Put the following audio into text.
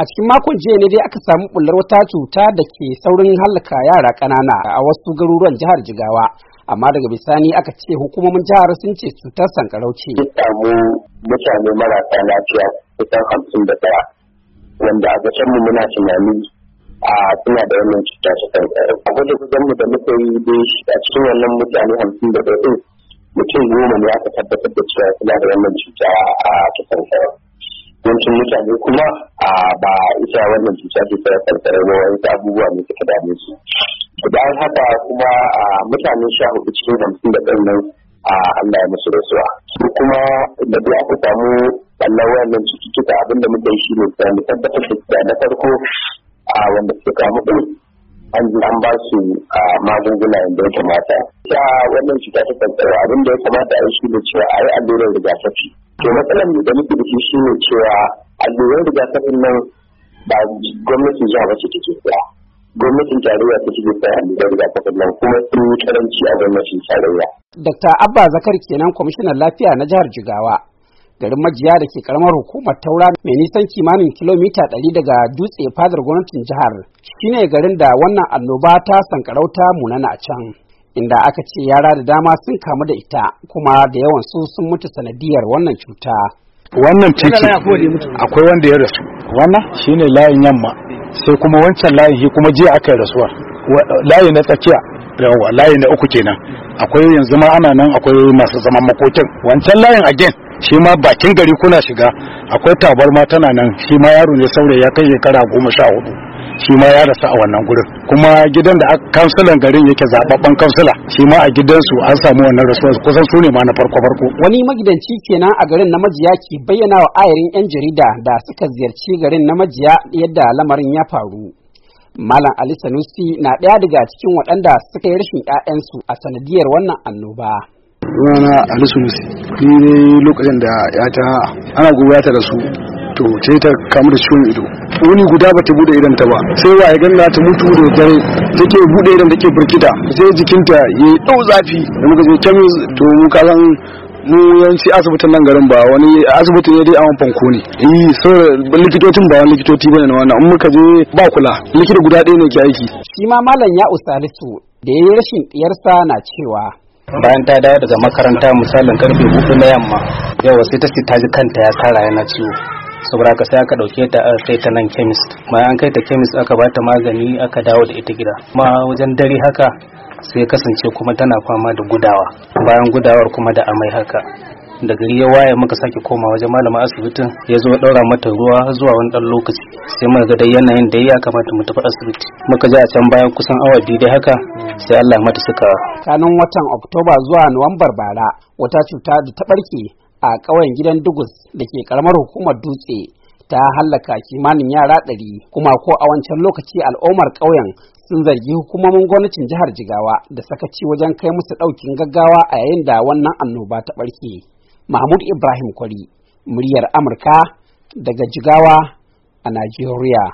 a cikin makon jiya ne dai aka samu bullar wata cuta da ke saurin halaka yara ƙanana a wasu garuruwan jihar jigawa amma daga bisani aka ce hukumomin jihar sun ce cutar sankarau ce. Sun samu mutane marasa lafiya kusan hamsin da ɗaya wanda a gasar mu muna tunani a suna da wannan cuta ta sankarau. A gwada gudan mu da muka yi dai a cikin wannan mutane hamsin da ɗaya mutum goma ne aka tabbatar da cewa suna da wannan cuta a ta sankarau. yawancin mutane kuma a ba isa wannan cuta ke ta karkara ba wani abubuwa ne suka dame su bayan haka kuma a mutane sha hudu cikin hamsin da ɗan nan a Allah ya musu rasuwa su kuma da biya aka samu ɓallar wannan cututtuka abinda muka yi shi ne mu tabbatar da cuta na farko a wanda suka kamu ɗin an ji an ba su a magunguna yadda ya kamata. Ya wannan cuta ta kankara abinda ya kamata a yi shi ne cewa a yi allurar rigakafi. to matsalar da muke da shi shine cewa alluran rigakafin nan ba gwamnatin jiha ba ce take kuwa, gwamnatin tarayya ta ci bisa alluran rigakafin nan kuma sun yi karanci a gwamnatin tarayya. Dr. Abba Zakar kenan kwamishinan lafiya na jihar Jigawa. Garin majiya da ke karamar hukumar taura mai nisan kimanin kilomita ɗari daga dutse fadar gwamnatin jihar shine garin da wannan annoba ta sankarauta munana a can. inda aka ce yara da dama sun kamu da ita kuma da yawan su sun mutu sanadiyar wannan cuta wannan ciki akwai wanda ya rasu wannan shine layin yamma sai kuma wancan layin shi kuma jiya aka rasuwa layi na tsakiya yawa layi na uku kenan akwai yanzu ma ana nan akwai masu zaman makokin wancan layin again shi ma bakin gari kuna shiga akwai tabarma tana nan shi ma yaro ne saurayi ya kai shekara goma sha hudu shi ma ya rasa a wannan gurin kuma gidan da kansilan garin yake zababban kansila shi ma a gidansu an samu wannan su kusan su ne ma na farko farko wani magidanci kenan a garin na majiya ke bayyana wa ayarin yan jarida da suka ziyarci garin na majiya yadda lamarin ya faru Malam Ali Sanusi na ɗaya daga cikin waɗanda suka yi rashin ƴaƴansu a sanadiyar wannan annoba. Rana Ali Sanusi, ni ne lokacin da 'yata ana gobe ta da su to sai ta kamu da ciwon ido wani guda bata bude idan ta ba sai wa ya ganna ta mutu da dare take bude idan take burkita sai jikinta ya dau zafi mun ga je kemis to mu san mu yanci asibitin nan garin ba wani asibiti ne dai a fanko ne eh so likitocin ba wani likitoci bane na wannan amma muka je ba kula likita guda ɗaya ne ke aiki shi ma malam ya Salisu da yayi rashin ɗiyarsa na cewa bayan ta dawo daga makaranta misalin karfe hudu na yamma yawa sai ta ce ta ji kanta ya kara yana ciwo saboda ka sai aka dauke ta a kai ta nan chemist bayan an kai ta chemist aka ba ta magani aka dawo da ita gida ma wajen dare haka sai kasance kuma tana fama da gudawa bayan gudawar kuma da amai haka da gari ya waye muka sake koma wajen malama asibitin ya zo daura mata ruwa zuwa wani dan lokaci sai muka ga dai yanayin da ya kamata mu tafi asibiti muka ji a can bayan kusan awa biyu dai haka sai Allah mata suka kanin watan Oktoba zuwa Nuwambar bara wata cuta da ta barke a ƙauyen gidan dugus da ke ƙaramar hukumar dutse ta hallaka kimanin yara ɗari kuma ko a wancan lokaci al'ummar ƙauyen sun zargi hukumomin gwamnatin jihar jigawa da sakaci wajen kai musu ɗaukin gaggawa a yayin da wannan annoba ta ɓarke mahmud ibrahim kwari muryar amurka daga jigawa a najeriya